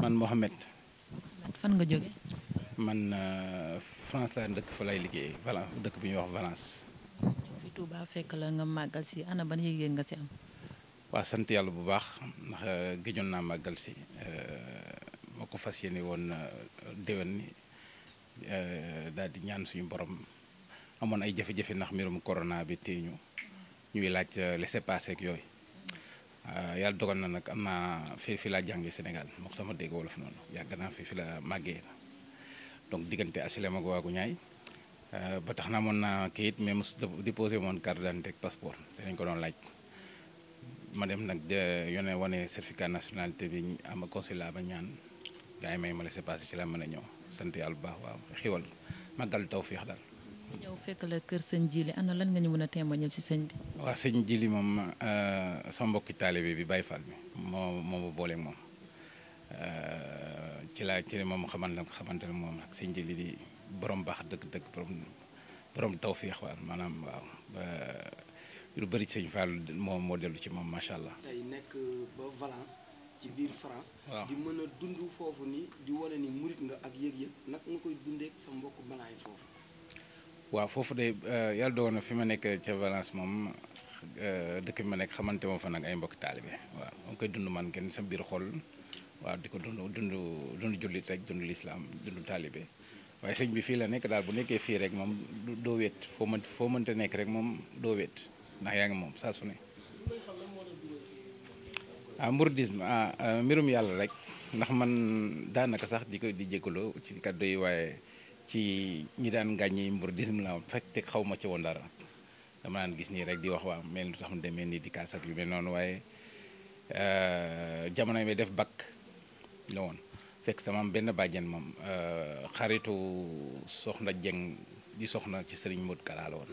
man Mohamed. fan nga jóge man euh, France laa dëkk fa lay liggéey Valence dëkk bu ñuy wax Valence. fi Touba fekk la nga màggal si ana ban yëg-yëg nga si am. waaw sant yàlla bu baax ndax euh, gëjoon naa màggal si euh, moo ko fas yéene woon déwén daal di ñaan suñu borom amoon ay jafe-jafe ndax mbirum corona bi téye ñu ñuy laaj laisser-passer yooyu. Euh, yàlla dogal na nag am naa fi fi laa jàngee Sénégal moo tax ma dégg wolof noonu yàgg naa fi fi la màggee donc diggante asilem ak waagu ñaay euh, ba tax na mën naa kayit mais mos déposé moon carte d'identité ak passeport danañ ko doon laaj ma dem nag yone wane certificat nationalité bi am consulat ba ñaan gars yi may ma laissez-passer ci laa mën a ñëw sant yàlla bu baax waaw xiwal màggal taw fiix daal ñëw fekk la kër sëñ Jili ana lan nga ñu mën a témoigner ci sëñ bi. waaw jii li moom euh, sa mbokki taalibe bi Baye Fall bi moo moo ma booleeg moom euh, ci laa ci moom xamante ne moom ak di borom baax dëgg-dëgg borom borom tawféex waal maanaam lu bëri sëñ Fall moom moo dellu ci moom macha allah. tey nekk ba Valence ci biir France. waaw di mën a dund foofu ni di wane ni murit nga ak yëg-yëg nag nga koy dundee sa mbokk balaay foofu. waaw foofu de euh, yàlla dogal na fi ma nekk ca Valence moom euh, dëkk bi ma nekk xamante moom fa nag ay mbokk taalibe waaw moom koy dund man kenn sa biir xol waaw di ko dund dund dund jullit rek dund lislaam dund taalibe waaye sëñ bi fii la nekk daal bu nekkee fii rek moom doo wéet foo mën mënta nekk rek moom doo wéet ndax yaa ngi moom saa su ne ah mouridisme ah, ah, mbirum yàlla rek ndax man daanaka sax di ko di jégalu ci kàddu yi waaye ci ñi daan ngàññi mouridisme la fekk te xaw ma ci woon dara gis nii rek di wax waa mel lu tax mu demee nii di kaas yu mel noonu waaye euh, jamono def bakk la woon fekk sama benn bàjjan moom euh, xaritu soxna Jeng di soxna ci sëriñ Modou Kara la woon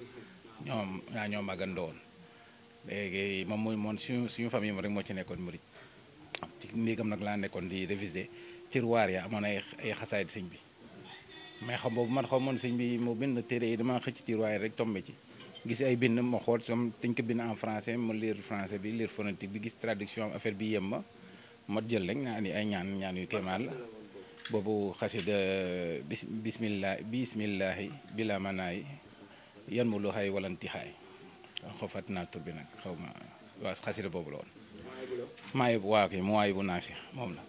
ñoom ñaa ñoo màggandoo woon léegi moom mooy moon suñu suñu famille moom rek moo ci nekkoon murit ci nag laa nekkoon di réviser tirwaar ya amoon ay ay xasaayid sëñ bi may xam boobu man xaw moon sëñ bi moo bind téere yi dama xëcc tiir waaye rek tombe ci gis ay bind ma xool sam dañ ko bind en français ma lire français bi liir phonétique bi gis traduction affaire bi yem ma ma jël rek naa ay ñaan ñaan yu kéemaan la boobu xasida bis bismillah bismillahi bila manaay yan mu lu xay walanti xaay xofat naa tur bi nag xaw ma waa boobu la woon maayi bu waaw kay mu waayi bu naafi moom la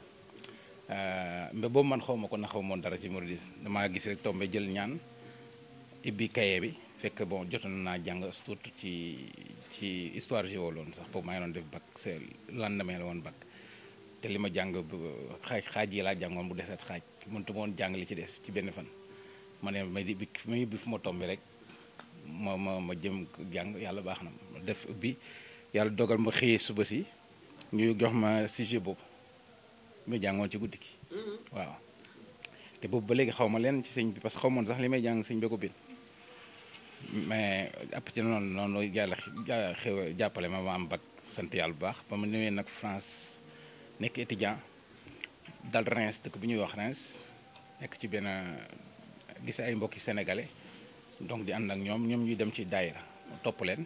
Eh, mbe bo man xawmako na xaw moon dara ci mouridisme dama gis rek tombe jël ñaan ibi kayé bi fekk bon jotuna na jang surtout ci ci histoire géo sax bo may non def bac c'est lendemain la woon bac té lima ma xaj xaj xaaj yi laa jàngoon bu déssat xaj mëntu ma woon jàng li ci des ci benn fan ma ne may di bik may bi fuma tombe rek ma ma ma jëm jang yalla baxna def ubi yalla dogal ma xey suba si ñu jox ma sujet boobu may jàngoon ci guddi waaw mm-hmm. te boobu ba léegi xaw leen ci sëñ bi parce que xaw sax li may jàng sëñ bi ko bind mais après ci noonu noonu yàlla ya, xew ya, jàppale ya, ma ma am bac sant yàlla bu baax ba ma ñëwee nag France nekk étudiant dal Reims dëkk bu ñuy wax Reims nekk ci benn eh, gis ay eh, mbokki sénégalais donc di ànd ak ñoom ñoom ñuy dem ci daayira topp leen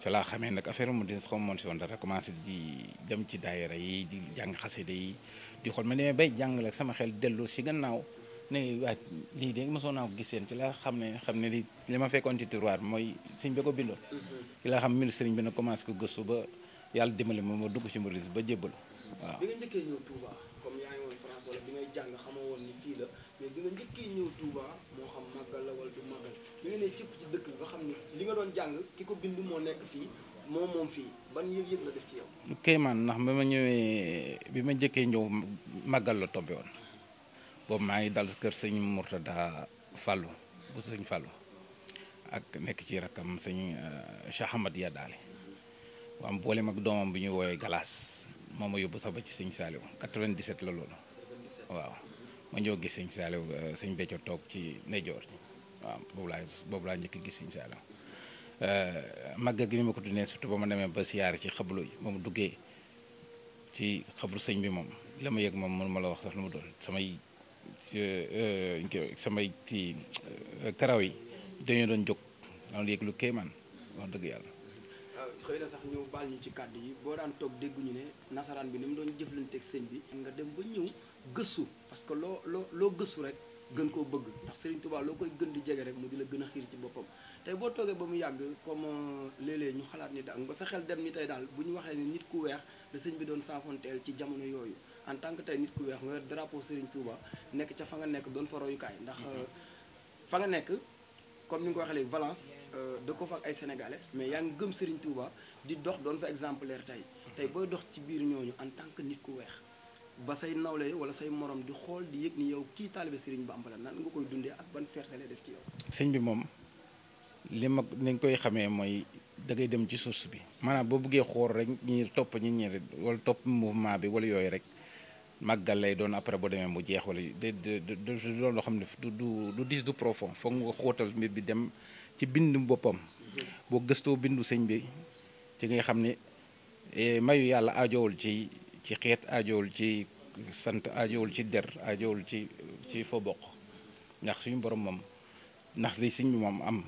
ci laa xamee nag affaire mu ma si woon dara commencé di dem ci daayira yi di jàng xasida yi di xool ma demee bay jàngale ak sama xel dellu si gannaaw ne waa lii de mosoon naa ko gis seen ci laa xam ne xam ne li li ma fekkoon ci tiroir mooy sëñ bi ko bindoon. Mm-hmm. ci laa xam ministre bi nag commencé ko gëstu ba yàlla dimbali ma ma dugg ci murid ba jébbalu waaw. bi nga njëkkee ñëw Touba jàng ki ko bind moo nekk fii moom moom fii ban yëg-yëg la def ci yow. Kéemaan ndax bi ma ñëwee bi ma njëkkee ñëw màggal la tombé boobu maa ngi dal kër sëñ Mourtada Fallou bu sëñ Fallou ak nekk ci rakam sëñ eh, Cheikh Ahmad Yadaali waam boolem ak ñuy woowee Galaas moo ma yóbbu sax ba ci sëñ Saliou 97 la loolu waaw ma ñëw gis sëñ Saliou eh, sëñ Béthio toog ci nejoor waaw boobu laa boobu njëkk gis sëñ Saliou Euh, màggal gi ni ma ko dundee surtout ba ma demee ba siyaare ci xabulooy yi moom duggee ci xablu sëñ bi moom la ma yëg moom mënu ma la wax sax lu mu doon samay euh, euh, samay ci karaw yi dañu doon jóg la yëg lu wax dëgg yàlla. Ah, xëy na sax ñu baal ñu ci kàddu yi boo daan toog dégguñu ne nasaraan bi ni mu doon jëflanteeg sëñ bi. nga dem ba ñëw gëstu parce que loo loo loo gëstu rek. gën ko bëgg ndax Serigne Touba lo koy gën di jégué rek mu di la gëna xir ci bopam tay bo togué ba mu yagg comme euh, lélé ñu xalaat ni daal ba sa xel dem ni tay daal bu ñu waxee ni nit ku wéx da serigne bi doon saafonteel ci jamono yoyu en tant que tay nit ku wéx nga drapeau Serigne Touba nek ca fa nga nek doon fa kay ndax euh, fa nga nek comme ni ko euh, ko fa ay sénégalais mais ya nga gëm Serigne Touba di dox doon fa exemplaire tay tay boy dox ci biir ñoñu en tant que nit ku wéx ba say nawle wala say morom di xool di yëg ni yow kii taalibe Serigne Bamba la nan koy dundee ak ban fierté sëñ bi moom li mag nañ koy xamee mooy dangay dem ci source bi maanaam boo buggee xool rek ñi topp ñi ñi wala topp mouvement bi wala yooyu rek màggal lay doon après bu demee mu jeex wala doon loo xam ne du du du dis du profond foog nga xóotal mbir bi dem ci bindu boppam. Mhm. boo gëstoo bindu sëñ bi ci ngay xam ne eh, mayu yàlla aajowul ci. ci xet ajowul ci sant ajowul ci der ajowul ci ci fo bok ndax suñu borom mom ndax li suñu mom am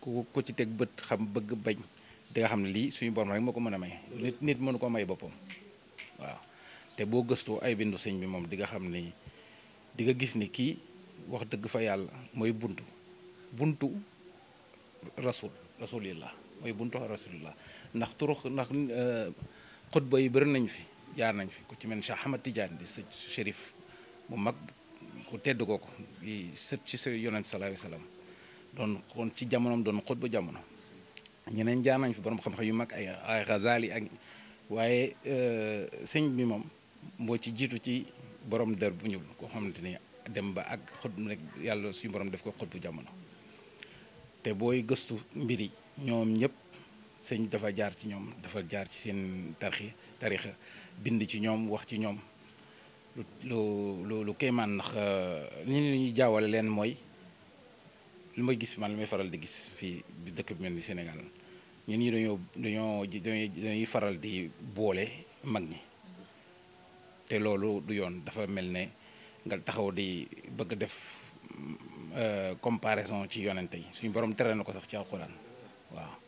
ku ko ci tek beut xam bëgg bañ di nga xam li suñu borom rek may nit nit mënu ko may bopam waaw te bo gëstoo ay bindu sëñ bi mom di nga xam ni di nga gis ni ki wax deug fa yalla moy buntu buntu rasul rasulillah moy buntu rasulillah ndax turu ndax khutba euh, yi bëri nañ fi jaar nañ fi ku ci mel ne Cheikh Ahmad Tidiane di sëñ Chérif bu mag ku tedd kooku sët ci sa yonent sallallahu alayhi wasallam doon ci jamonoom doon xutba jamono ñeneen jaar nañ fi borom xam-xam yu mag ay ak waaye euh, sëñ bi moom moo ci jiitu ci borom dër bu ñuul koo xamante ni dem ba ak xut rek yàlla suñu borom def ko xutbu jamono te booy gëstu mbir yi ñoom ñëpp. sëñ dafa jaar ci ñoom dafa jaar ci seen tarxi tarix bind ci ñoom wax ci ñoom lu lu lu kéemaan ndax euh, ni ñuy jaawale leen mooy lu may gis man lu faral di gis fii dëkk bi mel ni Sénégal ñun ñi dañoo dañoo dañuy faral di boole mag ñi te loolu du yoon dafa mel ne nga taxaw di bëgg def euh, comparaison ci yonente yi suñu borom tere na ko sax ci alxuraan waaw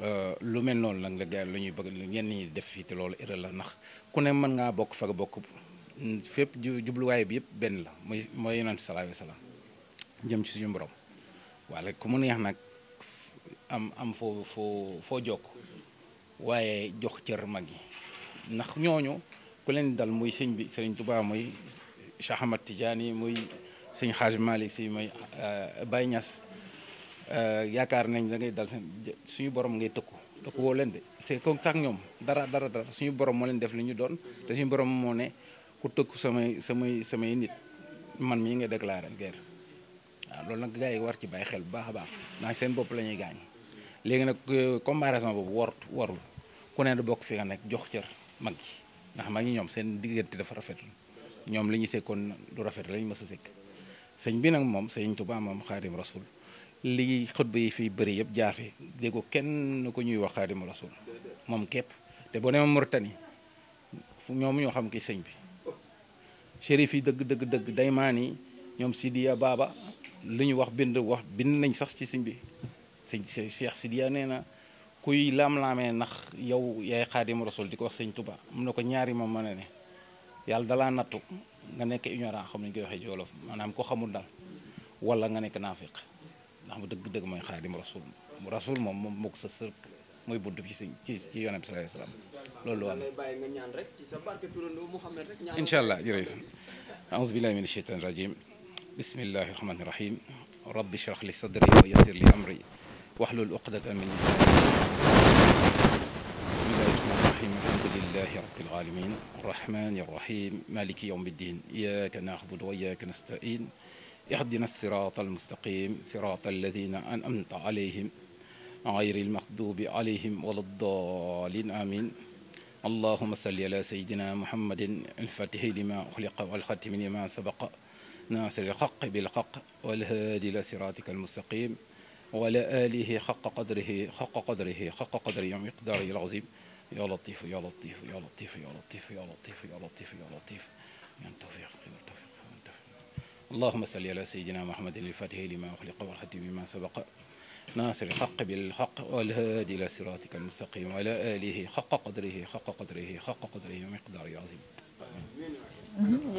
Euh, lu mel noonu la nga lu ñuy bëgg ñenn ñi def fii te loolu erreur la ndax ku ne mën ngaa bokk fa nga bokk fépp jubluwaay bi yëpp benn la mooy mooy yonent bi sallallahu alayhi jëm ci suñu borom wala ku mu yax nag am am foo foo foo jokk waaye jox cër mag yi ndax ñooñu ku leen dal muy sëñ bi sëriñ tubaa muy Cheikh Ahmad Tidiane muy sëñ Xaaj Malik si muy euh, Baye Niass Eh, yaakaar nañ da ngay dal seen suñu borom ngay tëkku tëkku woo leen de c'est comme sax ñoom dara dara dara suñu borom moo leen def li ñu doon te suñu borom moo ne ku tëkku samay samay samay nit man mii nga déclaré guerre waaw ah, loolu nag gars yi war ci bàyyi xel bu baax a baax ndax seen bopp la ñuy gaañ léegi nag eh, comparaison boobu war warul ku ne du bokk fi nga nekk jox cër mag yi ndax mag ñi ñoom seen diggante dafa rafetul ñoom li ñu sekkoon du rafet lañ mës a sekk sëñ bi nag moom sëñ Tuubaa moom xaadim rasul li khutba yi fi beuri yeb jaar fi déggoo kenn ko ñuy wax xaadimu rasul moom képp te boo mom murtani fu ñom ñu xam ki señ bi chérif yi deug deug deug daymaan yi ñoom Sidiya Baba lu ñu wax bind wax bind nañ sax ci señ bi señ Cheikh Sidiya nee na kuy lam lamé nax yow yaay xaadimu rasul diko wax señ Touba mun na ko ñaari mom mané a ne yàlla dalaa nattu nga nek ignorant xam nañ koy waxe ci manam ko xamul dal wala nga nek naafiq ndax mu dëgg dëgg mooy xaadim rasul mu rasul moom moom moo ko sa sër mooy bunt bi ci ci ci yoonam bi salaay salaam loolu am incha allah jërëjëf aouzu billahi min asheytan rajim bismillahi rahmani rahim rabbi shrah li sadri wa yassir li amri wahlul uqdatan min lisani bismillahi rahmani rahim alhamdulillahi rabbil alamin arrahmani arrahim maliki yawmiddin iyyaka na'budu wa iyyaka nasta'in اهدنا الصراط المستقيم صراط الذين أنأمت عليهم غير المغضوب عليهم ولا الضالين آمين اللهم صل على سيدنا محمد الفاتح لما أخلق والختم لما سبق ناصر الحق بالحق والهادي إلى صراطك المستقيم وعلى آله حق قدره حق قدره حق قدره ومقداره العظيم يا لطيف يا لطيف يا لطيف يا لطيف يا لطيف يا لطيف يا لطيف يا لطيف يا توفيق يا توفيق اللهم صل على سيدنا محمد الفاتح لما أخلق والختم بما سبق ناصر الحق بالحق والهادي إلى صراطك المستقيم وعلى آله حق قدره حق قدره حق قدره ومقداره عظيم